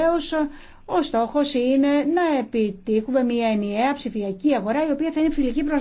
Βεβαίως, ο στόχος είναι να επιτύχουμε μια ενιαία ψηφιακή αγορά η οποία θα είναι φιλική προς